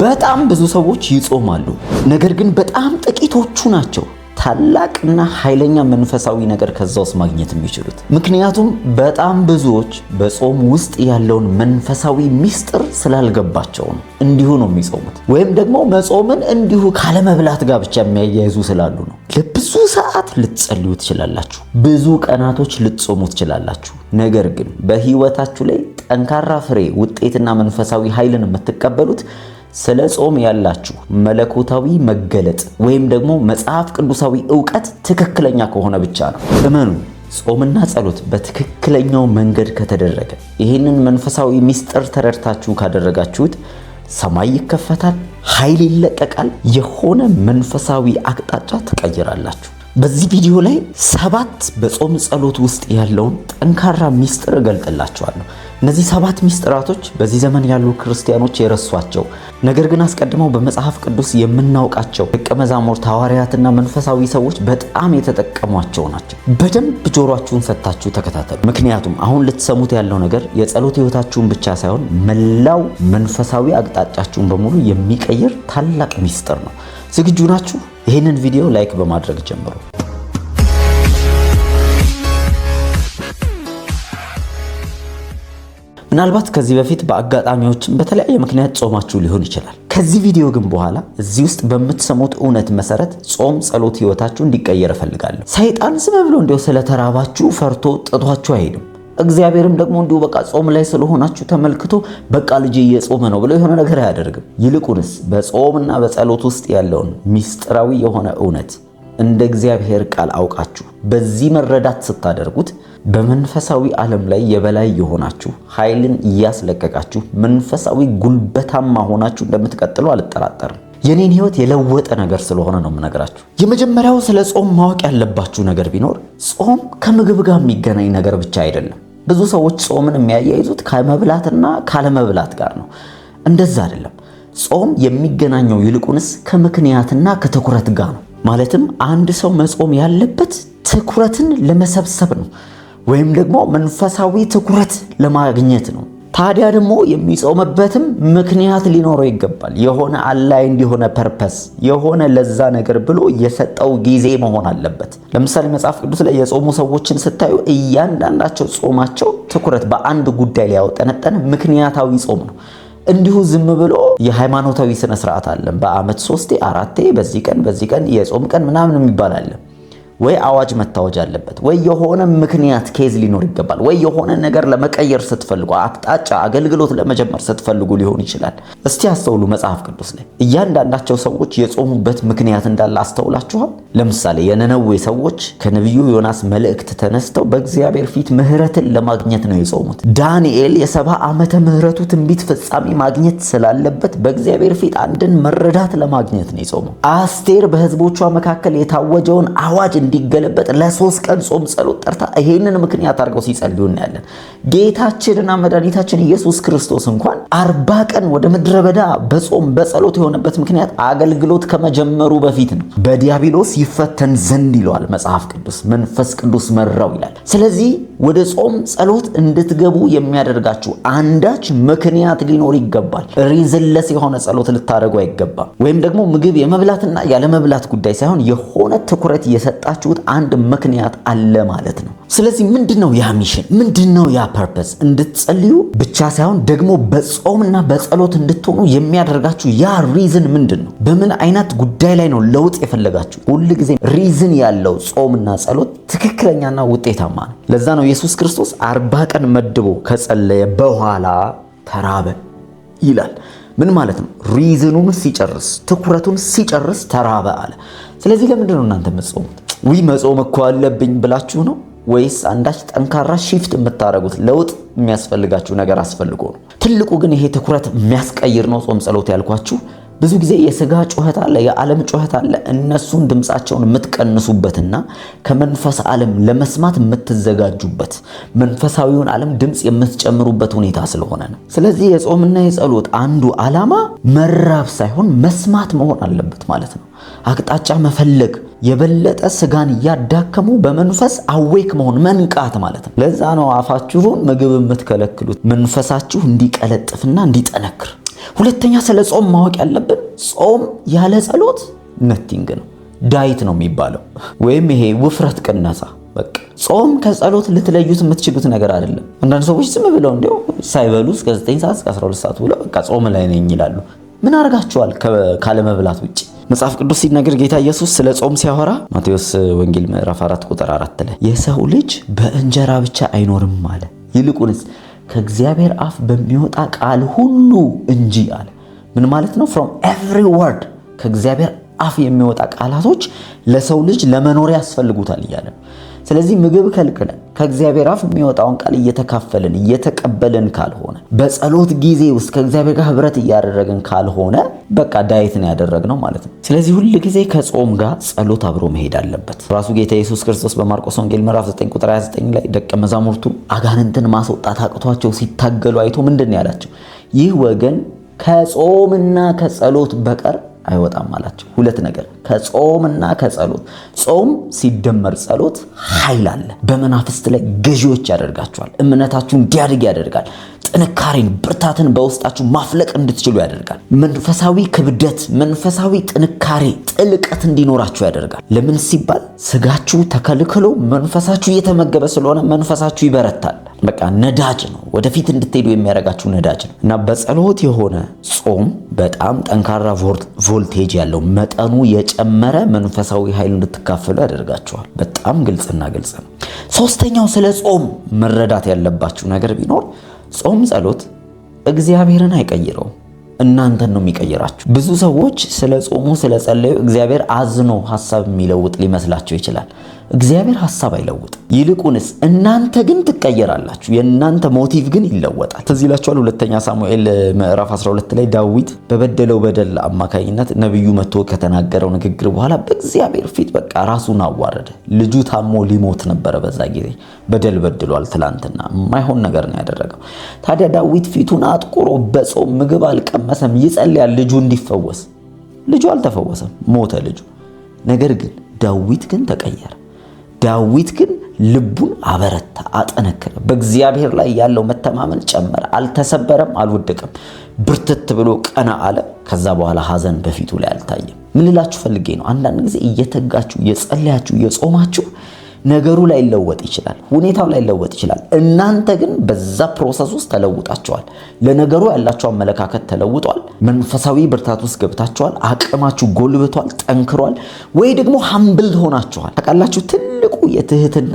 በጣም ብዙ ሰዎች ይጾማሉ፣ ነገር ግን በጣም ጥቂቶቹ ናቸው ታላቅና ኃይለኛ መንፈሳዊ ነገር ከዛ ውስጥ ማግኘት የሚችሉት። ምክንያቱም በጣም ብዙዎች በጾም ውስጥ ያለውን መንፈሳዊ ሚስጥር ስላልገባቸው ነው። እንዲሁ ነው የሚጾሙት። ወይም ደግሞ መጾምን እንዲሁ ካለመብላት ጋር ብቻ የሚያያይዙ ስላሉ ነው። ለብዙ ሰዓት ልትጸልዩ ትችላላችሁ፣ ብዙ ቀናቶች ልትጾሙ ትችላላችሁ። ነገር ግን በህይወታችሁ ላይ ጠንካራ ፍሬ፣ ውጤትና መንፈሳዊ ኃይልን የምትቀበሉት ስለ ጾም ያላችሁ መለኮታዊ መገለጥ ወይም ደግሞ መጽሐፍ ቅዱሳዊ እውቀት ትክክለኛ ከሆነ ብቻ ነው። እመኑ፣ ጾምና ጸሎት በትክክለኛው መንገድ ከተደረገ፣ ይህንን መንፈሳዊ ሚስጥር ተረድታችሁ ካደረጋችሁት ሰማይ ይከፈታል፣ ኃይል ይለቀቃል፣ የሆነ መንፈሳዊ አቅጣጫ ትቀይራላችሁ። በዚህ ቪዲዮ ላይ ሰባት በጾም ጸሎት ውስጥ ያለውን ጠንካራ ሚስጥር እገልጥላችኋለሁ። እነዚህ ሰባት ሚስጥራቶች በዚህ ዘመን ያሉ ክርስቲያኖች የረሷቸው ነገር ግን አስቀድመው በመጽሐፍ ቅዱስ የምናውቃቸው ደቀ መዛሙርት ሐዋርያትና መንፈሳዊ ሰዎች በጣም የተጠቀሟቸው ናቸው። በደንብ ጆሯችሁን ሰጥታችሁ ተከታተሉ። ምክንያቱም አሁን ልትሰሙት ያለው ነገር የጸሎት ሕይወታችሁን ብቻ ሳይሆን መላው መንፈሳዊ አቅጣጫችሁን በሙሉ የሚቀይር ታላቅ ሚስጥር ነው። ዝግጁ ናችሁ? ይህንን ቪዲዮ ላይክ በማድረግ ጀምሩ። ምናልባት ከዚህ በፊት በአጋጣሚዎች በተለያየ ምክንያት ጾማችሁ ሊሆን ይችላል። ከዚህ ቪዲዮ ግን በኋላ እዚህ ውስጥ በምትሰሙት እውነት መሰረት ጾም፣ ጸሎት ህይወታችሁ እንዲቀየር እፈልጋለሁ። ሰይጣን ዝም ብሎ እንዲያው ስለተራባችሁ ፈርቶ ጥቷችሁ አይሄድም። እግዚአብሔርም ደግሞ እንዲሁ በቃ ጾም ላይ ስለሆናችሁ ተመልክቶ በቃ ልጅ እየጾመ ነው ብሎ የሆነ ነገር አያደርግም። ይልቁንስ በጾምና በጸሎት ውስጥ ያለውን ሚስጥራዊ የሆነ እውነት እንደ እግዚአብሔር ቃል አውቃችሁ በዚህ መረዳት ስታደርጉት በመንፈሳዊ ዓለም ላይ የበላይ የሆናችሁ ኃይልን እያስለቀቃችሁ መንፈሳዊ ጉልበታማ ሆናችሁ እንደምትቀጥሉ አልጠራጠርም። የኔን ህይወት የለወጠ ነገር ስለሆነ ነው የምነግራችሁ። የመጀመሪያው ስለ ጾም ማወቅ ያለባችሁ ነገር ቢኖር ጾም ከምግብ ጋር የሚገናኝ ነገር ብቻ አይደለም። ብዙ ሰዎች ጾምን የሚያያይዙት ከመብላትና ካለመብላት ጋር ነው። እንደዛ አይደለም። ጾም የሚገናኘው ይልቁንስ ከምክንያትና ከትኩረት ጋር ነው። ማለትም አንድ ሰው መጾም ያለበት ትኩረትን ለመሰብሰብ ነው። ወይም ደግሞ መንፈሳዊ ትኩረት ለማግኘት ነው። ታዲያ ደግሞ የሚጾምበትም ምክንያት ሊኖረው ይገባል። የሆነ አላይ እንዲሆነ ፐርፐስ የሆነ ለዛ ነገር ብሎ የሰጠው ጊዜ መሆን አለበት። ለምሳሌ መጽሐፍ ቅዱስ ላይ የጾሙ ሰዎችን ስታዩ እያንዳንዳቸው ጾማቸው ትኩረት በአንድ ጉዳይ ላይ ያወጠነጠነ ምክንያታዊ ጾም ነው። እንዲሁ ዝም ብሎ የሃይማኖታዊ ስነስርዓት አለን። በአመት ሶስቴ አራቴ በዚህ ቀን በዚህ ቀን የጾም ቀን ምናምን የሚባል አለን። ወይ አዋጅ መታወጅ አለበት፣ ወይ የሆነ ምክንያት ኬዝ ሊኖር ይገባል፣ ወይ የሆነ ነገር ለመቀየር ስትፈልጉ፣ አቅጣጫ አገልግሎት ለመጀመር ስትፈልጉ ሊሆን ይችላል። እስቲ አስተውሉ። መጽሐፍ ቅዱስ ላይ እያንዳንዳቸው ሰዎች የጾሙበት ምክንያት እንዳለ አስተውላችኋል። ለምሳሌ የነነዌ ሰዎች ከነቢዩ ዮናስ መልእክት ተነስተው በእግዚአብሔር ፊት ምሕረትን ለማግኘት ነው የጾሙት። ዳንኤል የሰባ ዓመተ ምሕረቱ ትንቢት ፍጻሜ ማግኘት ስላለበት በእግዚአብሔር ፊት አንድን መረዳት ለማግኘት ነው የጾመው። አስቴር በህዝቦቿ መካከል የታወጀውን አዋጅ እንዲገለበጥ ለሶስት ቀን ጾም ጸሎት ጠርታ ይሄንን ምክንያት አድርገው ሲጸልዩ እናያለን። ጌታችንና መድኃኒታችን ኢየሱስ ክርስቶስ እንኳን አርባ ቀን ወደ ምድረ በዳ በጾም በጸሎት የሆነበት ምክንያት አገልግሎት ከመጀመሩ በፊት ነው። በዲያብሎስ ይፈተን ዘንድ ይለዋል መጽሐፍ ቅዱስ መንፈስ ቅዱስ መራው ይላል። ስለዚህ ወደ ጾም ጸሎት እንድትገቡ የሚያደርጋችሁ አንዳች ምክንያት ሊኖር ይገባል። ሪዝለስ የሆነ ጸሎት ልታደርጉ አይገባም። ወይም ደግሞ ምግብ የመብላትና ያለመብላት ጉዳይ ሳይሆን የሆነ ትኩረት የሰጣችሁት አንድ ምክንያት አለ ማለት ነው። ስለዚህ ምንድን ነው ያ ሚሽን? ምንድን ነው ያ ፐርፐስ? እንድትጸልዩ ብቻ ሳይሆን ደግሞ በጾምና በጸሎት እንድትሆኑ የሚያደርጋችሁ ያ ሪዝን ምንድን ነው? በምን አይነት ጉዳይ ላይ ነው ለውጥ የፈለጋችሁ? ሁልጊዜ ሪዝን ያለው ጾምና ጸሎት ትክክለኛና ውጤታማ ነው። ለዛ ነው ኢየሱስ ክርስቶስ አርባ ቀን መድቦ ከጸለየ በኋላ ተራበ ይላል። ምን ማለት ነው? ሪዝኑን ሲጨርስ ትኩረቱን ሲጨርስ ተራበ አለ። ስለዚህ ለምንድን ነው እናንተ የምትጾሙት? ውይ መጾም እኮ አለብኝ ብላችሁ ነው ወይስ አንዳች ጠንካራ ሺፍት የምታደርጉት ለውጥ የሚያስፈልጋችሁ ነገር አስፈልጎ ነው? ትልቁ ግን ይሄ ትኩረት የሚያስቀይር ነው ጾም ጸሎት ያልኳችሁ ብዙ ጊዜ የስጋ ጩኸት አለ፣ የዓለም ጩኸት አለ። እነሱን ድምፃቸውን የምትቀንሱበትና ከመንፈስ ዓለም ለመስማት የምትዘጋጁበት መንፈሳዊውን ዓለም ድምፅ የምትጨምሩበት ሁኔታ ስለሆነ ነው። ስለዚህ የጾምና የጸሎት አንዱ ዓላማ መራብ ሳይሆን መስማት መሆን አለበት ማለት ነው። አቅጣጫ መፈለግ የበለጠ ስጋን እያዳከሙ በመንፈስ አዌክ መሆን መንቃት ማለት ነው። ለዛ ነው አፋችሁን ምግብ የምትከለክሉት መንፈሳችሁ እንዲቀለጥፍና እንዲጠነክር ሁለተኛ ስለ ጾም ማወቅ ያለብን ጾም ያለ ጸሎት ነቲንግ ነው፣ ዳይት ነው የሚባለው ወይም ይሄ ውፍረት ቅነሳ። በቃ ጾም ከጸሎት ልትለዩት የምትችሉት ነገር አይደለም። አንዳንድ ሰዎች ዝም ብለው እንዲ ሳይበሉ እስከ 9 ሰዓት እስከ 12 ሰዓት ብለው በቃ ጾም ላይ ነኝ ይላሉ። ምን አድርጋችኋል ካለመብላት ውጭ? መጽሐፍ ቅዱስ ሲናገር ጌታ ኢየሱስ ስለ ጾም ሲያወራ ማቴዎስ ወንጌል ምዕራፍ 4 ቁጥር 4 ላይ የሰው ልጅ በእንጀራ ብቻ አይኖርም አለ፣ ይልቁንስ ከእግዚአብሔር አፍ በሚወጣ ቃል ሁሉ እንጂ አለ። ምን ማለት ነው? ፍሮም ኤቭሪ ወርድ ከእግዚአብሔር አፍ የሚወጣ ቃላቶች ለሰው ልጅ ለመኖር ያስፈልጉታል እያለ ስለዚህ ምግብ ከልክለን ከእግዚአብሔር አፍ የሚወጣውን ቃል እየተካፈልን እየተቀበልን ካልሆነ በጸሎት ጊዜ ውስጥ ከእግዚአብሔር ጋር ህብረት እያደረግን ካልሆነ በቃ ዳየት ነው ያደረግነው ማለት ነው። ስለዚህ ሁል ጊዜ ከጾም ጋር ጸሎት አብሮ መሄድ አለበት። ራሱ ጌታ ኢየሱስ ክርስቶስ በማርቆስ ወንጌል ምዕራፍ 9 ቁጥር 29 ላይ ደቀ መዛሙርቱ አጋንንትን ማስወጣት አቅቷቸው ሲታገሉ አይቶ ምንድን ያላቸው? ይህ ወገን ከጾምና ከጸሎት በቀር አይወጣም አላቸው። ሁለት ነገር ከጾምና ከጸሎት። ጾም ሲደመር ጸሎት ኃይል አለ። በመናፍስት ላይ ገዢዎች ያደርጋቸዋል። እምነታችሁ እንዲያድግ ያደርጋል። ጥንካሬን፣ ብርታትን በውስጣችሁ ማፍለቅ እንድትችሉ ያደርጋል። መንፈሳዊ ክብደት፣ መንፈሳዊ ጥንካሬ፣ ጥልቀት እንዲኖራችሁ ያደርጋል። ለምን ሲባል ስጋችሁ ተከልክሎ መንፈሳችሁ እየተመገበ ስለሆነ መንፈሳችሁ ይበረታል። በቃ ነዳጅ ነው። ወደፊት እንድትሄዱ የሚያደርጋችሁ ነዳጅ ነው እና በጸሎት የሆነ ጾም በጣም ጠንካራ ቮልቴጅ ያለው መጠኑ የጨመረ መንፈሳዊ ኃይል እንድትካፈሉ ያደርጋችኋል። በጣም ግልጽና ግልጽ ነው። ሶስተኛው ስለ ጾም መረዳት ያለባችሁ ነገር ቢኖር ጾም ጸሎት እግዚአብሔርን አይቀይረውም፣ እናንተን ነው የሚቀይራችሁ። ብዙ ሰዎች ስለ ጾሙ ስለ ጸለዩ እግዚአብሔር አዝኖ ሀሳብ የሚለውጥ ሊመስላቸው ይችላል። እግዚአብሔር ሐሳብ አይለውጥም። ይልቁንስ እናንተ ግን ትቀየራላችሁ። የእናንተ ሞቲቭ ግን ይለወጣል። ትዝ ይላችኋል ሁለተኛ ሳሙኤል ምዕራፍ 12 ላይ ዳዊት በበደለው በደል አማካኝነት ነቢዩ መጥቶ ከተናገረው ንግግር በኋላ በእግዚአብሔር ፊት በቃ ራሱን አዋረደ። ልጁ ታሞ ሊሞት ነበረ። በዛ ጊዜ በደል በድሏል። ትላንትና የማይሆን ነገር ነው ያደረገው። ታዲያ ዳዊት ፊቱን አጥቁሮ በጾም ምግብ አልቀመሰም፣ ይጸልያል ልጁ እንዲፈወስ። ልጁ አልተፈወሰም፣ ሞተ ልጁ። ነገር ግን ዳዊት ግን ተቀየረ። ዳዊት ግን ልቡን አበረታ፣ አጠነከረ። በእግዚአብሔር ላይ ያለው መተማመን ጨመረ። አልተሰበረም፣ አልወደቀም። ብርትት ብሎ ቀና አለ። ከዛ በኋላ ሐዘን በፊቱ ላይ አልታየም። ምን ልላችሁ ፈልጌ ነው? አንዳንድ ጊዜ እየተጋችሁ እየጸለያችሁ እየጾማችሁ ነገሩ ላይ ለወጥ ይችላል፣ ሁኔታው ላይ ለወጥ ይችላል። እናንተ ግን በዛ ፕሮሰስ ውስጥ ተለውጣችኋል። ለነገሩ ያላችሁ አመለካከት ተለውጧል። መንፈሳዊ ብርታት ውስጥ ገብታችኋል። አቅማችሁ ጎልብቷል፣ ጠንክሯል። ወይ ደግሞ ሀምብል ሆናችኋል። ታውቃላችሁ፣ ትልቁ የትህትና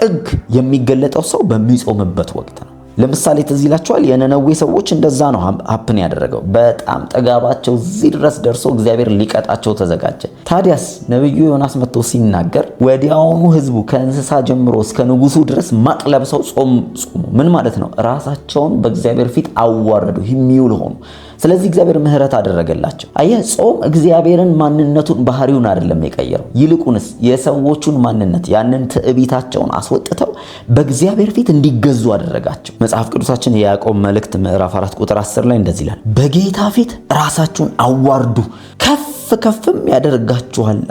ጥግ የሚገለጠው ሰው በሚጾምበት ወቅት ነው። ለምሳሌ ትዝ ይላችኋል፣ የነነዌ ሰዎች እንደዛ ነው ሀፕን ያደረገው። በጣም ጥጋባቸው እዚህ ድረስ ደርሶ እግዚአብሔር ሊቀጣቸው ተዘጋጀ። ታዲያስ ነቢዩ ዮናስ መጥቶ ሲናገር ወዲያውኑ ህዝቡ ከእንስሳ ጀምሮ እስከ ንጉሱ ድረስ ማቅ ለብሰው ጾም ጾሙ። ምን ማለት ነው? ራሳቸውን በእግዚአብሔር ፊት አዋረዱ፣ ሂሚውል ሆኑ። ስለዚህ እግዚአብሔር ምሕረት አደረገላቸው። አየህ፣ ጾም እግዚአብሔርን ማንነቱን ባህሪውን አይደለም የቀየረው፣ ይልቁንስ የሰዎቹን ማንነት ያንን ትዕቢታቸውን አስወጥተው በእግዚአብሔር ፊት እንዲገዙ አደረጋቸው። መጽሐፍ ቅዱሳችን የያዕቆብ መልእክት ምዕራፍ 4 ቁጥር 10 ላይ እንደዚህ ይላል፣ በጌታ ፊት ራሳችሁን አዋርዱ ከፍ ከፍም ያደርጋችኋል።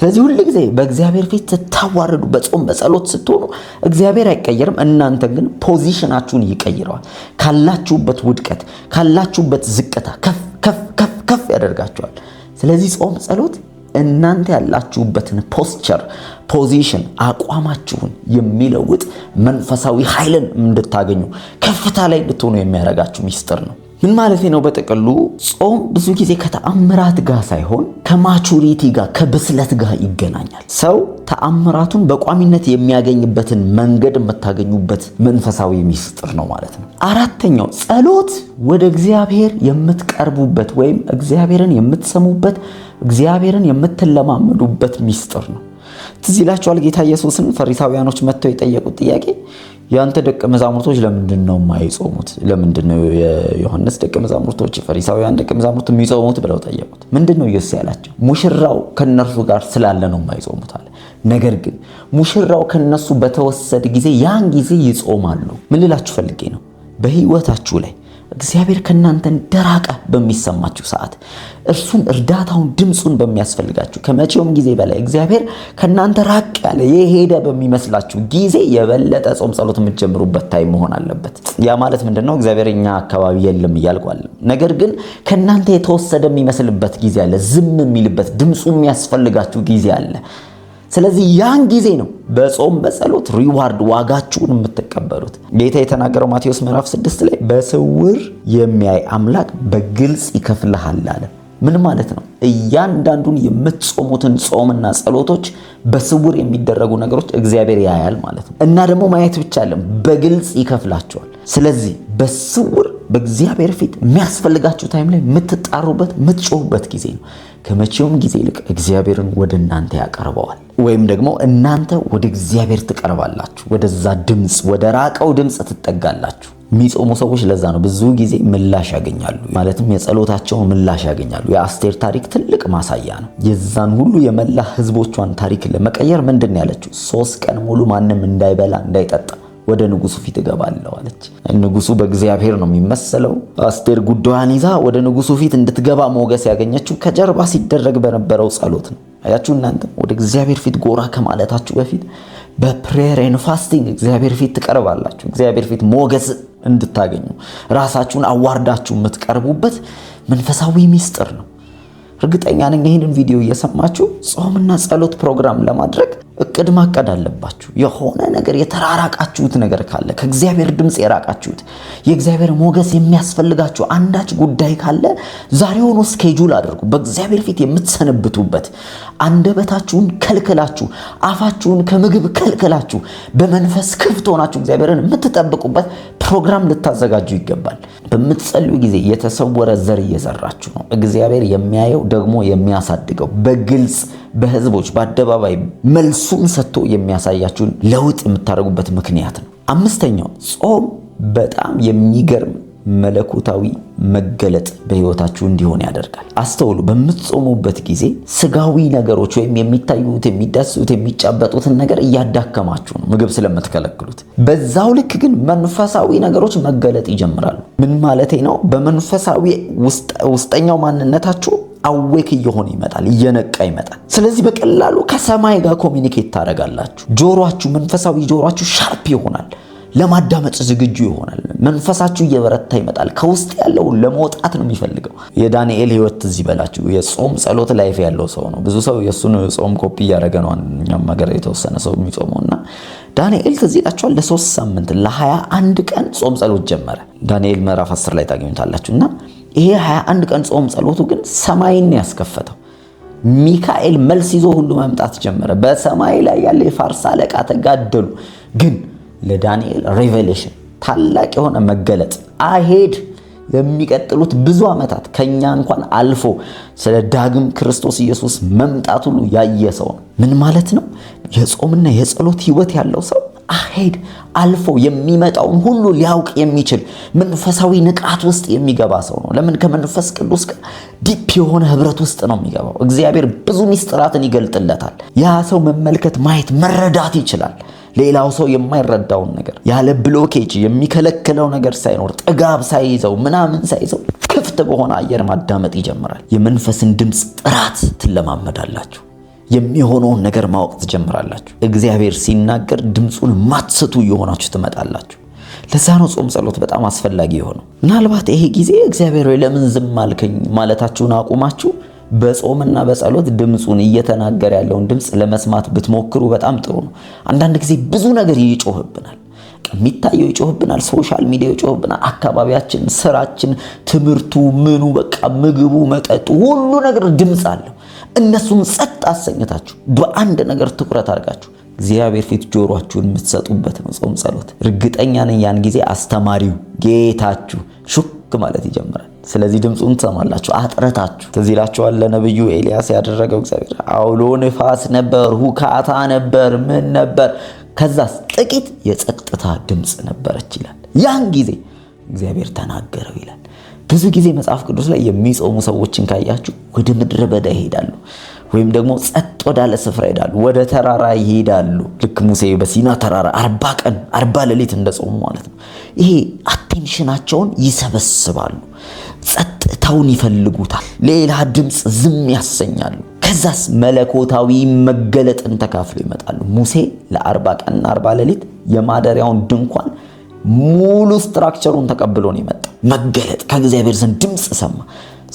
ስለዚህ ሁል ጊዜ በእግዚአብሔር ፊት ስታዋርዱ፣ በጾም በጸሎት ስትሆኑ እግዚአብሔር አይቀየርም። እናንተ ግን ፖዚሽናችሁን ይቀይረዋል። ካላችሁበት ውድቀት፣ ካላችሁበት ዝቅታ ከፍ ከፍ ከፍ ከፍ ያደርጋችኋል። ስለዚህ ጾም ጸሎት እናንተ ያላችሁበትን ፖስቸር፣ ፖዚሽን፣ አቋማችሁን የሚለውጥ መንፈሳዊ ኃይልን እንድታገኙ ከፍታ ላይ እንድትሆኑ የሚያደርጋችሁ ሚስጥር ነው። ምን ማለት ነው? በጥቅሉ ጾም ብዙ ጊዜ ከተአምራት ጋር ሳይሆን ከማቹሪቲ ጋር ከብስለት ጋር ይገናኛል። ሰው ተአምራቱን በቋሚነት የሚያገኝበትን መንገድ የምታገኙበት መንፈሳዊ ሚስጥር ነው ማለት ነው። አራተኛው ጸሎት ወደ እግዚአብሔር የምትቀርቡበት ወይም እግዚአብሔርን የምትሰሙበት እግዚአብሔርን የምትለማመዱበት ሚስጥር ነው። ትዝ ይላችኋል ጌታ ኢየሱስን ፈሪሳውያኖች መጥተው የጠየቁት ጥያቄ የአንተ ደቀ መዛሙርቶች ለምንድን ነው የማይጾሙት? ለምንድን ነው የዮሐንስ ደቀ መዛሙርቶች የፈሪሳውያን ደቀ መዛሙርት የሚጾሙት ብለው ጠየቁት። ምንድን ነው ኢየሱስ ያላቸው? ሙሽራው ከእነርሱ ጋር ስላለ ነው የማይጾሙት አለ። ነገር ግን ሙሽራው ከእነሱ በተወሰደ ጊዜ ያን ጊዜ ይጾማሉ። ምን ልላችሁ ፈልጌ ነው በህይወታችሁ ላይ እግዚአብሔር ከእናንተ እንደራቀ በሚሰማችሁ ሰዓት እርሱን እርዳታውን ድምፁን በሚያስፈልጋችሁ ከመቼውም ጊዜ በላይ እግዚአብሔር ከእናንተ ራቅ ያለ የሄደ በሚመስላችሁ ጊዜ የበለጠ ጾም ጸሎት የምትጀምሩበት ታይም መሆን አለበት። ያ ማለት ምንድን ነው? እግዚአብሔር እኛ አካባቢ የለም እያልኩ ነገር ግን ከእናንተ የተወሰደ የሚመስልበት ጊዜ አለ። ዝም የሚልበት ድምፁ የሚያስፈልጋችሁ ጊዜ አለ። ስለዚህ ያን ጊዜ ነው በጾም በጸሎት ሪዋርድ ዋጋችሁን የምትቀበሉት። ጌታ የተናገረው ማቴዎስ ምዕራፍ 6 ላይ በስውር የሚያይ አምላክ በግልጽ ይከፍልሃል አለ። ምን ማለት ነው? እያንዳንዱን የምትጾሙትን ጾምና ጸሎቶች በስውር የሚደረጉ ነገሮች እግዚአብሔር ያያል ማለት ነው። እና ደግሞ ማየት ብቻ አለም በግልጽ ይከፍላቸዋል። ስለዚህ በስውር በእግዚአብሔር ፊት የሚያስፈልጋችሁ ታይም ላይ የምትጣሩበት የምትጮሁበት ጊዜ ነው። ከመቼውም ጊዜ ይልቅ እግዚአብሔርን ወደ እናንተ ያቀርበዋል። ወይም ደግሞ እናንተ ወደ እግዚአብሔር ትቀርባላችሁ። ወደዛ ድምፅ፣ ወደ ራቀው ድምፅ ትጠጋላችሁ። የሚጾሙ ሰዎች ለዛ ነው ብዙ ጊዜ ምላሽ ያገኛሉ። ማለትም የጸሎታቸው ምላሽ ያገኛሉ። የአስቴር ታሪክ ትልቅ ማሳያ ነው። የዛን ሁሉ የመላ ህዝቦቿን ታሪክ ለመቀየር ምንድን ያለችው ሶስት ቀን ሙሉ ማንም እንዳይበላ እንዳይጠጣ ወደ ንጉሱ ፊት እገባለሁ አለች። ንጉሱ በእግዚአብሔር ነው የሚመሰለው። አስቴር ጉዳዋን ይዛ ወደ ንጉሱ ፊት እንድትገባ ሞገስ ያገኘችው ከጀርባ ሲደረግ በነበረው ጸሎት ነው። አያችሁ እናንተ ወደ እግዚአብሔር ፊት ጎራ ከማለታችሁ በፊት በፕሬየር ኤንድ ፋስቲንግ እግዚአብሔር ፊት ትቀርባላችሁ። እግዚአብሔር ፊት ሞገስ እንድታገኙ ራሳችሁን አዋርዳችሁ የምትቀርቡበት መንፈሳዊ ሚስጥር ነው። እርግጠኛ ነኝ ይህንን ቪዲዮ እየሰማችሁ ጾምና ጸሎት ፕሮግራም ለማድረግ እቅድ ማቀድ አለባችሁ። የሆነ ነገር የተራራቃችሁት ነገር ካለ ከእግዚአብሔር ድምፅ የራቃችሁት የእግዚአብሔር ሞገስ የሚያስፈልጋችሁ አንዳች ጉዳይ ካለ ዛሬውኑ ስኬጁል አድርጉ። በእግዚአብሔር ፊት የምትሰነብቱበት አንደበታችሁን ከልክላችሁ፣ አፋችሁን ከምግብ ከልክላችሁ፣ በመንፈስ ክፍት ሆናችሁ እግዚአብሔርን የምትጠብቁበት ፕሮግራም ልታዘጋጁ ይገባል። በምትጸልዩ ጊዜ የተሰወረ ዘር እየዘራችሁ ነው። እግዚአብሔር የሚያየው ደግሞ የሚያሳድገው በግልጽ በህዝቦች በአደባባይ መልሱን ሰጥቶ የሚያሳያችሁን ለውጥ የምታደርጉበት ምክንያት ነው። አምስተኛው ጾም በጣም የሚገርም መለኮታዊ መገለጥ በህይወታችሁ እንዲሆን ያደርጋል። አስተውሉ። በምትጾሙበት ጊዜ ስጋዊ ነገሮች ወይም የሚታዩት፣ የሚዳስሱት፣ የሚጫበጡትን ነገር እያዳከማችሁ ነው ምግብ ስለምትከለክሉት። በዛው ልክ ግን መንፈሳዊ ነገሮች መገለጥ ይጀምራሉ። ምን ማለቴ ነው? በመንፈሳዊ ውስጠኛው ማንነታችሁ አዌክ እየሆነ ይመጣል፣ እየነቃ ይመጣል። ስለዚህ በቀላሉ ከሰማይ ጋር ኮሚኒኬት ታደርጋላችሁ። ጆሮአችሁ፣ መንፈሳዊ ጆሮአችሁ ሻርፕ ይሆናል፣ ለማዳመጥ ዝግጁ ይሆናል። መንፈሳችሁ እየበረታ ይመጣል። ከውስጥ ያለው ለመውጣት ነው የሚፈልገው። የዳንኤል ህይወት እዚህ በላችሁ። የጾም ጸሎት ላይፍ ያለው ሰው ነው። ብዙ ሰው የእሱን ጾም ኮፒ እያደረገ ነው። አንኛም ሀገር የተወሰነ ሰው የሚጾመው እና ዳንኤል ትዝ ይላችኋል። ለሶስት ሳምንት ለሀያ አንድ ቀን ጾም ጸሎት ጀመረ። ዳንኤል ምዕራፍ 10 ላይ ታገኙታላችሁ እና ይሄ 21 ቀን ጾም ጸሎቱ ግን ሰማይን ያስከፈተው ሚካኤል መልስ ይዞ ሁሉ መምጣት ጀመረ። በሰማይ ላይ ያለ የፋርስ አለቃ ተጋደሉ። ግን ለዳንኤል ሬቬሌሽን ታላቅ የሆነ መገለጥ አሄድ የሚቀጥሉት ብዙ ዓመታት ከኛ እንኳን አልፎ ስለ ዳግም ክርስቶስ ኢየሱስ መምጣት ሁሉ ያየ ሰው ምን ማለት ነው? የጾምና የጸሎት ህይወት ያለው ሰው አሄድ አልፎ የሚመጣውን ሁሉ ሊያውቅ የሚችል መንፈሳዊ ንቃት ውስጥ የሚገባ ሰው ነው። ለምን? ከመንፈስ ቅዱስ ጋር ዲፕ የሆነ ህብረት ውስጥ ነው የሚገባው። እግዚአብሔር ብዙ ሚስጥራትን ይገልጥለታል። ያ ሰው መመልከት፣ ማየት፣ መረዳት ይችላል። ሌላው ሰው የማይረዳውን ነገር ያለ ብሎኬጅ የሚከለክለው ነገር ሳይኖር ጥጋብ ሳይይዘው ምናምን ሳይዘው ክፍት በሆነ አየር ማዳመጥ ይጀምራል። የመንፈስን ድምፅ ጥራት ትለማመዳላችሁ። የሚሆነውን ነገር ማወቅ ትጀምራላችሁ። እግዚአብሔር ሲናገር ድምፁን ማትሰቱ እየሆናችሁ ትመጣላችሁ። ለዛ ነው ጾም ጸሎት በጣም አስፈላጊ የሆነው። ምናልባት ይሄ ጊዜ እግዚአብሔር ወይ ለምን ዝም አልከኝ ማለታችሁን አቁማችሁ በጾምና በጸሎት ድምፁን እየተናገረ ያለውን ድምፅ ለመስማት ብትሞክሩ በጣም ጥሩ ነው። አንዳንድ ጊዜ ብዙ ነገር ይጮህብናል። የሚታየው ይጮህብናል፣ ሶሻል ሚዲያ ይጮህብናል፣ አካባቢያችን፣ ስራችን፣ ትምህርቱ፣ ምኑ በቃ ምግቡ፣ መጠጡ፣ ሁሉ ነገር ድምፅ አለው። እነሱን ጸጥ አሰኝታችሁ በአንድ ነገር ትኩረት አድርጋችሁ እግዚአብሔር ፊት ጆሮአችሁን የምትሰጡበት ነው ጾም ጸሎት። እርግጠኛ ነኝ ያን ጊዜ አስተማሪው ጌታችሁ ሹክ ማለት ይጀምራል። ስለዚህ ድምፁን ትሰማላችሁ። አጥረታችሁ ትዝ ይላችኋል ለነብዩ ኤልያስ ያደረገው እግዚአብሔር። አውሎ ንፋስ ነበር፣ ሁካታ ነበር፣ ምን ነበር ከዛስ ጥቂት የጸጥታ ድምፅ ነበረች ይላል። ያን ጊዜ እግዚአብሔር ተናገረው ይላል። ብዙ ጊዜ መጽሐፍ ቅዱስ ላይ የሚጾሙ ሰዎችን ካያችሁ ወደ ምድረ በዳ ይሄዳሉ፣ ወይም ደግሞ ጸጥ ወዳለ ስፍራ ይሄዳሉ፣ ወደ ተራራ ይሄዳሉ። ልክ ሙሴ በሲና ተራራ አርባ ቀን አርባ ሌሊት እንደጾሙ ማለት ነው። ይሄ አቴንሽናቸውን ይሰበስባሉ፣ ጸጥታውን ይፈልጉታል፣ ሌላ ድምፅ ዝም ያሰኛሉ። ከዛስ መለኮታዊ መገለጥን ተካፍሎ ይመጣሉ። ሙሴ ለአርባ ቀንና አርባ ሌሊት የማደሪያውን ድንኳን ሙሉ ስትራክቸሩን ተቀብሎ ነው የመጣው። መገለጥ ከእግዚአብሔር ዘንድ ድምፅ ሰማ።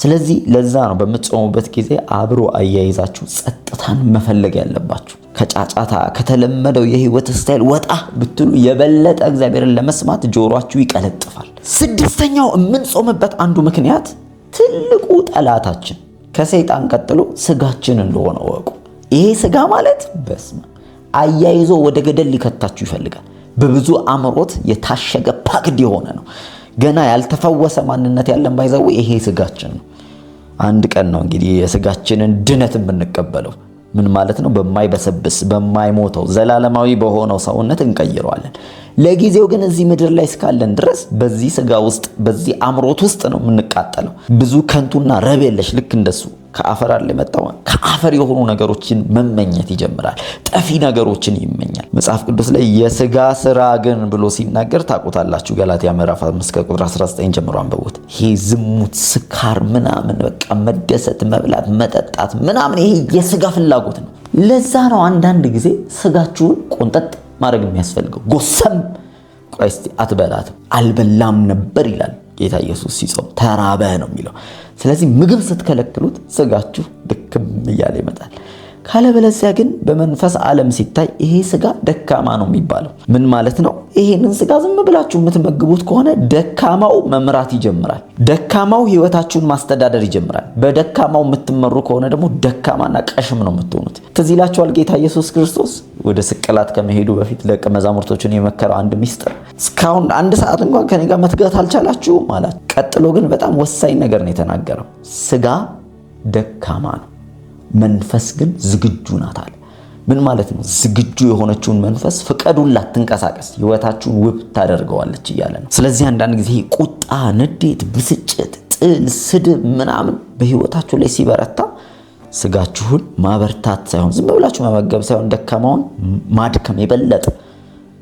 ስለዚህ ለዛ ነው በምትጾሙበት ጊዜ አብሮ አያይዛችሁ ጸጥታን መፈለግ ያለባችሁ። ከጫጫታ ከተለመደው የህይወት ስታይል ወጣ ብትሉ የበለጠ እግዚአብሔርን ለመስማት ጆሯችሁ ይቀለጥፋል። ስድስተኛው የምንጾምበት አንዱ ምክንያት ትልቁ ጠላታችን ከሰይጣን ቀጥሎ ስጋችን እንደሆነ እወቁ። ይሄ ስጋ ማለት በስመ አያይዞ ወደ ገደል ሊከታችሁ ይፈልጋል። በብዙ አምሮት የታሸገ ፓክድ የሆነ ነው። ገና ያልተፈወሰ ማንነት ያለን ባይዘው ይሄ ስጋችን ነው። አንድ ቀን ነው እንግዲህ የስጋችንን ድነት የምንቀበለው። ምን ማለት ነው? በማይበሰብስ በማይሞተው ዘላለማዊ በሆነው ሰውነት እንቀይረዋለን። ለጊዜው ግን እዚህ ምድር ላይ እስካለን ድረስ በዚህ ስጋ ውስጥ በዚህ አምሮት ውስጥ ነው የምንቃጠለው። ብዙ ከንቱና ረብ የለሽ ልክ እንደሱ ከአፈር አለ የመጣው ከአፈር የሆኑ ነገሮችን መመኘት ይጀምራል። ጠፊ ነገሮችን ይመኛል። መጽሐፍ ቅዱስ ላይ የስጋ ስራ ግን ብሎ ሲናገር ታውቁታላችሁ። ገላትያ ምዕራፍ 5 ከቁጥር 19 ጀምሮ አንብቡት። ይሄ ዝሙት፣ ስካር፣ ምናምን በቃ መደሰት፣ መብላት፣ መጠጣት ምናምን ይሄ የስጋ ፍላጎት ነው። ለዛ ነው አንዳንድ ጊዜ ስጋችሁን ቆንጠጥ ማድረግ የሚያስፈልገው ጎሰም ቆይ አትበላት አልበላም ነበር ይላል ጌታ ኢየሱስ ሲጾም ተራበ ነው የሚለው ስለዚህ ምግብ ስትከለክሉት ስጋችሁ ድክም እያለ ይመጣል ካለበለዚያ ግን በመንፈስ ዓለም ሲታይ ይሄ ስጋ ደካማ ነው የሚባለው ምን ማለት ነው ይሄንን ስጋ ዝም ብላችሁ የምትመግቡት ከሆነ ደካማው መምራት ይጀምራል ደካማው ህይወታችሁን ማስተዳደር ይጀምራል በደካማው የምትመሩ ከሆነ ደግሞ ደካማና ቀሽም ነው የምትሆኑት ትዝ ይላችኋል ጌታ ኢየሱስ ክርስቶስ ወደ ስቅላት ከመሄዱ በፊት ደቀ መዛሙርቶችን የመከረው አንድ ሚስጥር እስካሁን አንድ ሰዓት እንኳን ከኔ ጋር መትጋት አልቻላችሁም አላት። ቀጥሎ ግን በጣም ወሳኝ ነገር ነው የተናገረው። ስጋ ደካማ ነው፣ መንፈስ ግን ዝግጁ ናት አለ። ምን ማለት ነው? ዝግጁ የሆነችውን መንፈስ ፍቀዱላት ትንቀሳቀስ፣ ህይወታችሁን ውብ ታደርገዋለች እያለ ነው። ስለዚህ አንዳንድ ጊዜ ቁጣ፣ ንዴት፣ ብስጭት፣ ጥል፣ ስድብ ምናምን በህይወታችሁ ላይ ሲበረታ ስጋችሁን ማበርታት ሳይሆን ዝም ብላችሁ መመገብ ሳይሆን ደካማውን ማድከም የበለጠ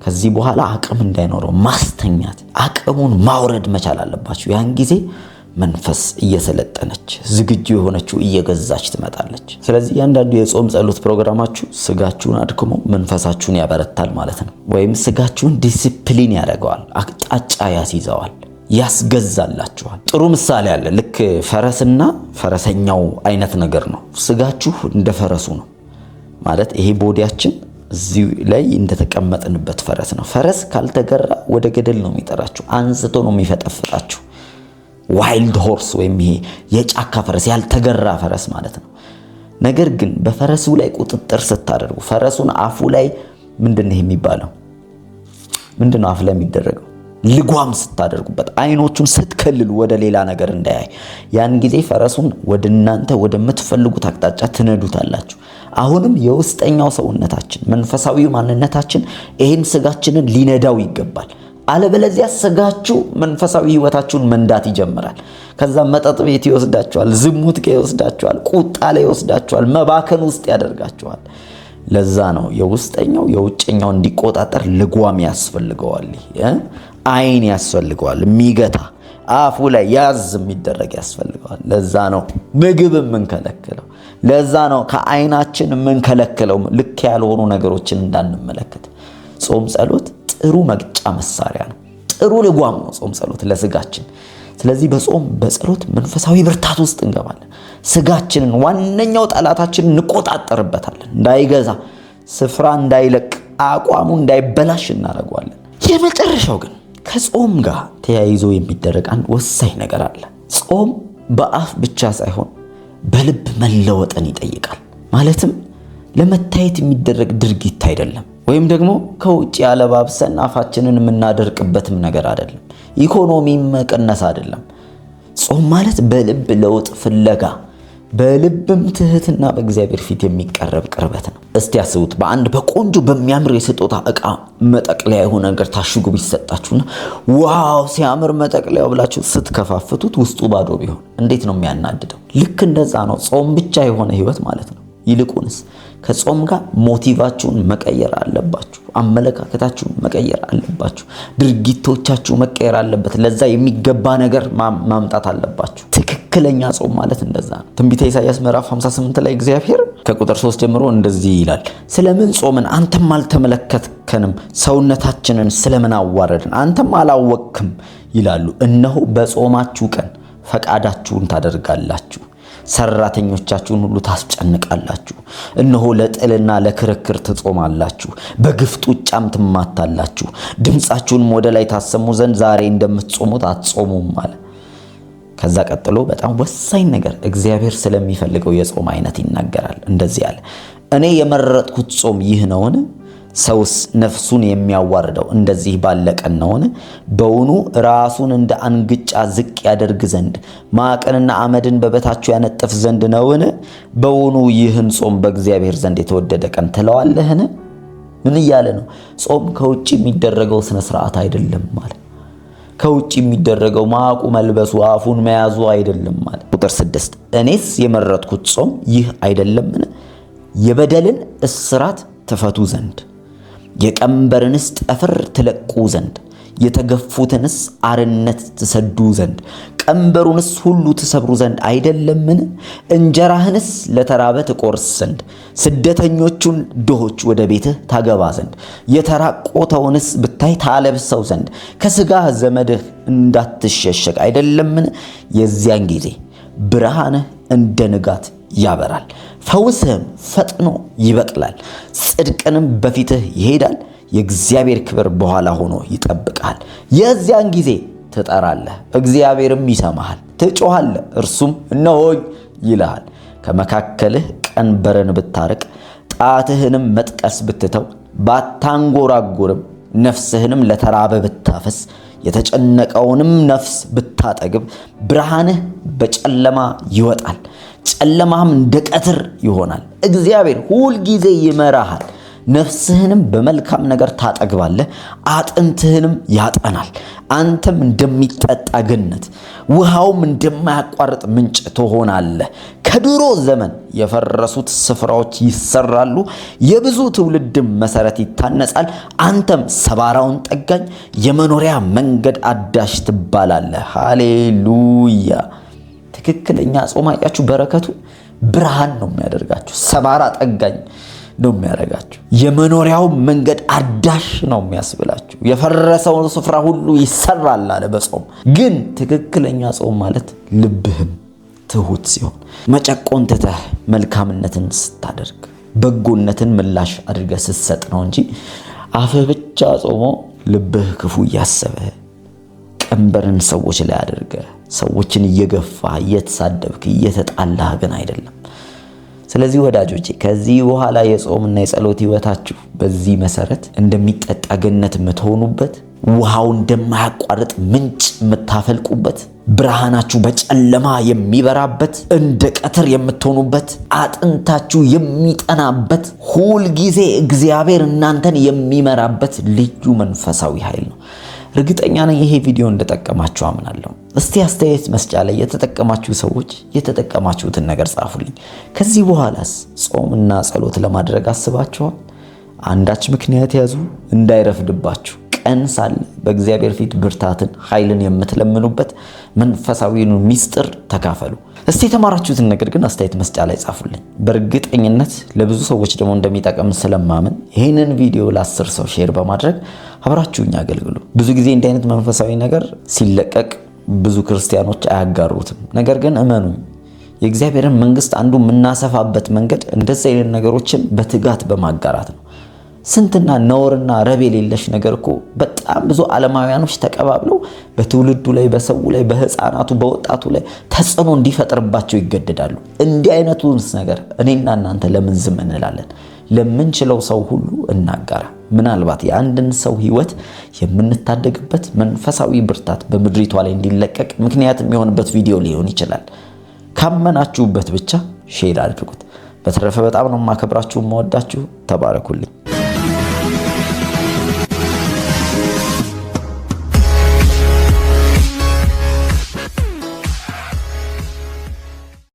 ከዚህ በኋላ አቅም እንዳይኖረው ማስተኛት፣ አቅሙን ማውረድ መቻል አለባችሁ። ያን ጊዜ መንፈስ እየሰለጠነች ዝግጁ የሆነችው እየገዛች ትመጣለች። ስለዚህ እያንዳንዱ የጾም ጸሎት ፕሮግራማችሁ ስጋችሁን አድክሞ መንፈሳችሁን ያበረታል ማለት ነው። ወይም ስጋችሁን ዲሲፕሊን ያደርገዋል፣ አቅጣጫ ያስይዘዋል። ያስገዛላችኋል። ጥሩ ምሳሌ አለ። ልክ ፈረስና ፈረሰኛው አይነት ነገር ነው። ስጋችሁ እንደ ፈረሱ ነው ማለት ይሄ ቦዲያችን እዚህ ላይ እንደተቀመጥንበት ፈረስ ነው። ፈረስ ካልተገራ ወደ ገደል ነው የሚጠራችሁ፣ አንስቶ ነው የሚፈጠፍጣችሁ። ዋይልድ ሆርስ ወይም ይሄ የጫካ ፈረስ ያልተገራ ፈረስ ማለት ነው። ነገር ግን በፈረሱ ላይ ቁጥጥር ስታደርጉ ፈረሱን አፉ ላይ ምንድን ነው የሚባለው? ምንድን ነው አፍ ላይ የሚደረገው? ልጓም ስታደርጉበት፣ አይኖቹን ስትከልሉ ወደ ሌላ ነገር እንዳያይ፣ ያን ጊዜ ፈረሱን ወደ እናንተ ወደምትፈልጉት አቅጣጫ ትነዱታላችሁ። አሁንም የውስጠኛው ሰውነታችን መንፈሳዊ ማንነታችን ይህን ስጋችንን ሊነዳው ይገባል። አለበለዚያ ስጋችሁ መንፈሳዊ ህይወታችሁን መንዳት ይጀምራል። ከዛም መጠጥ ቤት ይወስዳችኋል፣ ዝሙት ጋር ይወስዳችኋል፣ ቁጣ ላይ ይወስዳችኋል፣ መባከን ውስጥ ያደርጋችኋል። ለዛ ነው የውስጠኛው የውጭኛው እንዲቆጣጠር ልጓም ያስፈልገዋል። አይን ያስፈልገዋል፣ የሚገታ አፉ ላይ ያዝ የሚደረግ ያስፈልገዋል። ለዛ ነው ምግብ የምንከለክለው። ለዛ ነው ከአይናችን የምንከለክለው ልክ ያልሆኑ ነገሮችን እንዳንመለከት። ጾም ጸሎት ጥሩ መግጫ መሳሪያ ነው። ጥሩ ልጓም ነው ጾም ጸሎት ለስጋችን። ስለዚህ በጾም በጸሎት መንፈሳዊ ብርታት ውስጥ እንገባለን። ስጋችንን ዋነኛው ጠላታችንን እንቆጣጠርበታለን። እንዳይገዛ ስፍራ እንዳይለቅ አቋሙ እንዳይበላሽ እናደርገዋለን። የመጨረሻው ግን ከጾም ጋር ተያይዞ የሚደረግ አንድ ወሳኝ ነገር አለ። ጾም በአፍ ብቻ ሳይሆን በልብ መለወጥን ይጠይቃል። ማለትም ለመታየት የሚደረግ ድርጊት አይደለም፣ ወይም ደግሞ ከውጭ ያለባብሰን አፋችንን የምናደርቅበትም ነገር አይደለም። ኢኮኖሚ መቀነስ አይደለም። ጾም ማለት በልብ ለውጥ ፍለጋ በልብም ትህትና በእግዚአብሔር ፊት የሚቀረብ ቅርበት ነው። እስቲ አስቡት፣ በአንድ በቆንጆ በሚያምር የስጦታ እቃ መጠቅለያ የሆነ ነገር ታሽጉ ቢሰጣችሁና ዋው ሲያምር መጠቅለያው ብላችሁ ስትከፋፍቱት ውስጡ ባዶ ቢሆን እንዴት ነው የሚያናድደው? ልክ እንደዛ ነው ጾም ብቻ የሆነ ህይወት ማለት ነው። ይልቁንስ ከጾም ጋር ሞቲቫችሁን መቀየር አለባችሁ። አመለካከታችሁን መቀየር አለባችሁ። ድርጊቶቻችሁ መቀየር አለበት። ለዛ የሚገባ ነገር ማምጣት አለባችሁ። ትክክለኛ ጾም ማለት እንደዛ ነው። ትንቢተ ኢሳያስ ምዕራፍ 58 ላይ እግዚአብሔር ከቁጥር 3 ጀምሮ እንደዚህ ይላል፣ ስለምን ጾምን አንተም አልተመለከትከንም፣ ሰውነታችንን ስለምን አዋረድን አንተም አላወቅክም ይላሉ። እነሆ በጾማችሁ ቀን ፈቃዳችሁን ታደርጋላችሁ ሰራተኞቻችሁን ሁሉ ታስጨንቃላችሁ። እነሆ ለጥልና ለክርክር ትጾማላችሁ፣ በግፍ ጡጫም ትማታላችሁ። ድምፃችሁንም ወደ ላይ ታሰሙ ዘንድ ዛሬ እንደምትጾሙት አትጾሙም አለ። ከዛ ቀጥሎ በጣም ወሳኝ ነገር እግዚአብሔር ስለሚፈልገው የጾም አይነት ይናገራል። እንደዚህ ያለ እኔ የመረጥኩት ጾም ይህ ነውን? ሰውስ ነፍሱን የሚያዋርደው እንደዚህ ባለ ቀን ነውን? በውኑ ራሱን እንደ አንግጫ ዝቅ ያደርግ ዘንድ ማቅንና አመድን በበታችሁ ያነጥፍ ዘንድ ነውን? በውኑ ይህን ጾም በእግዚአብሔር ዘንድ የተወደደ ቀን ትለዋለህን? ምን እያለ ነው? ጾም ከውጭ የሚደረገው ስነስርዓት አይደለም ማለት ከውጭ የሚደረገው ማቁ መልበሱ አፉን መያዙ አይደለም ማለት። ቁጥር ስድስት እኔስ የመረጥኩት ጾም ይህ አይደለምን? የበደልን እስራት ትፈቱ ዘንድ፣ የቀንበርንስ ጠፍር ትለቁ ዘንድ፣ የተገፉትንስ አርነት ትሰዱ ዘንድ፣ ቀንበሩንስ ሁሉ ትሰብሩ ዘንድ አይደለምን? እንጀራህንስ ለተራበ ትቆርስ ዘንድ፣ ስደተኞቹን ድሆች ወደ ቤትህ ታገባ ዘንድ፣ የተራቆተውንስ ብታይ ታለብሰው ዘንድ፣ ከስጋህ ዘመድህ እንዳትሸሸግ አይደለምን? የዚያን ጊዜ ብርሃንህ እንደ ንጋት ያበራል፣ ፈውስህም ፈጥኖ ይበቅላል፣ ጽድቅንም በፊትህ ይሄዳል፣ የእግዚአብሔር ክብር በኋላ ሆኖ ይጠብቃል። የዚያን ጊዜ ትጠራለህ፣ እግዚአብሔርም ይሰማሃል። ትጮኻለህ፣ እርሱም እነሆኝ ይልሃል። ከመካከልህ ቀንበርን ብታርቅ ጣትህንም መጥቀስ ብትተው ባታንጎራጉርም ነፍስህንም ለተራበ ብታፈስ የተጨነቀውንም ነፍስ ብታጠግብ ብርሃንህ በጨለማ ይወጣል፣ ጨለማህም እንደ ቀትር ይሆናል። እግዚአብሔር ሁልጊዜ ይመራሃል። ነፍስህንም በመልካም ነገር ታጠግባለህ፣ አጥንትህንም ያጠናል። አንተም እንደሚጠጣ ገነት፣ ውሃውም እንደማያቋርጥ ምንጭ ትሆናለህ። ከድሮ ዘመን የፈረሱት ስፍራዎች ይሰራሉ፣ የብዙ ትውልድም መሰረት ይታነጻል። አንተም ሰባራውን ጠጋኝ፣ የመኖሪያ መንገድ አዳሽ ትባላለህ። ሃሌሉያ! ትክክለኛ ጾም አያችሁ፣ በረከቱ ብርሃን ነው የሚያደርጋችሁ። ሰባራ ጠጋኝ ነው የሚያደርጋችሁ። የመኖሪያው መንገድ አዳሽ ነው የሚያስብላችሁ። የፈረሰውን ስፍራ ሁሉ ይሰራል አለ በጾም ግን ትክክለኛ ጾም ማለት ልብህም ትሁት ሲሆን መጨቆን ትተህ መልካምነትን ስታደርግ በጎነትን ምላሽ አድርገህ ስትሰጥ ነው እንጂ አፍህ ብቻ ጾሞ ልብህ ክፉ እያሰበ ቀንበርን ሰዎች ላይ አድርገህ ሰዎችን እየገፋህ እየተሳደብክ እየተጣላህ ግን አይደለም። ስለዚህ ወዳጆቼ ከዚህ በኋላ የጾምና የጸሎት ህይወታችሁ በዚህ መሰረት እንደሚጠጣ ገነት የምትሆኑበት ውሃው እንደማያቋርጥ ምንጭ የምታፈልቁበት ብርሃናችሁ በጨለማ የሚበራበት እንደ ቀትር የምትሆኑበት አጥንታችሁ የሚጠናበት ሁልጊዜ እግዚአብሔር እናንተን የሚመራበት ልዩ መንፈሳዊ ኃይል ነው። እርግጠኛ ነኝ ይሄ ቪዲዮ እንደጠቀማችሁ አምናለሁ። እስቲ አስተያየት መስጫ ላይ የተጠቀማችሁ ሰዎች የተጠቀማችሁትን ነገር ጻፉልኝ። ከዚህ በኋላስ ጾምና ጸሎት ለማድረግ አስባችኋል? አንዳች ምክንያት ያዙ እንዳይረፍድባችሁ። ቀን ሳለ በእግዚአብሔር ፊት ብርታትን፣ ኃይልን የምትለምኑበት መንፈሳዊን ሚስጥር ተካፈሉ። እስቲ የተማራችሁትን ነገር ግን አስተያየት መስጫ ላይ ጻፉልኝ። በእርግጠኝነት ለብዙ ሰዎች ደግሞ እንደሚጠቅም ስለማምን ይህንን ቪዲዮ ለአስር ሰው ሼር በማድረግ አብራችሁኝ አገልግሉ። ብዙ ጊዜ እንዲህ አይነት መንፈሳዊ ነገር ሲለቀቅ ብዙ ክርስቲያኖች አያጋሩትም። ነገር ግን እመኑኝ የእግዚአብሔርን መንግስት አንዱ የምናሰፋበት መንገድ እንደዚህ አይነት ነገሮችን በትጋት በማጋራት ነው። ስንትና ነውርና ረብ የሌለሽ ነገር እኮ በጣም ብዙ ዓለማውያኖች ተቀባብለው በትውልዱ ላይ በሰው ላይ በህፃናቱ በወጣቱ ላይ ተጽዕኖ እንዲፈጥርባቸው ይገደዳሉ። እንዲህ አይነቱንስ ነገር እኔና እናንተ ለምን ዝም እንላለን? ለምንችለው ሰው ሁሉ እናጋራ። ምናልባት የአንድን ሰው ህይወት የምንታደግበት መንፈሳዊ ብርታት በምድሪቷ ላይ እንዲለቀቅ ምክንያት የሚሆንበት ቪዲዮ ሊሆን ይችላል። ካመናችሁበት ብቻ ሼር አድርጉት። በተረፈ በጣም ነው የማከብራችሁ፣ የምወዳችሁ። ተባረኩልኝ።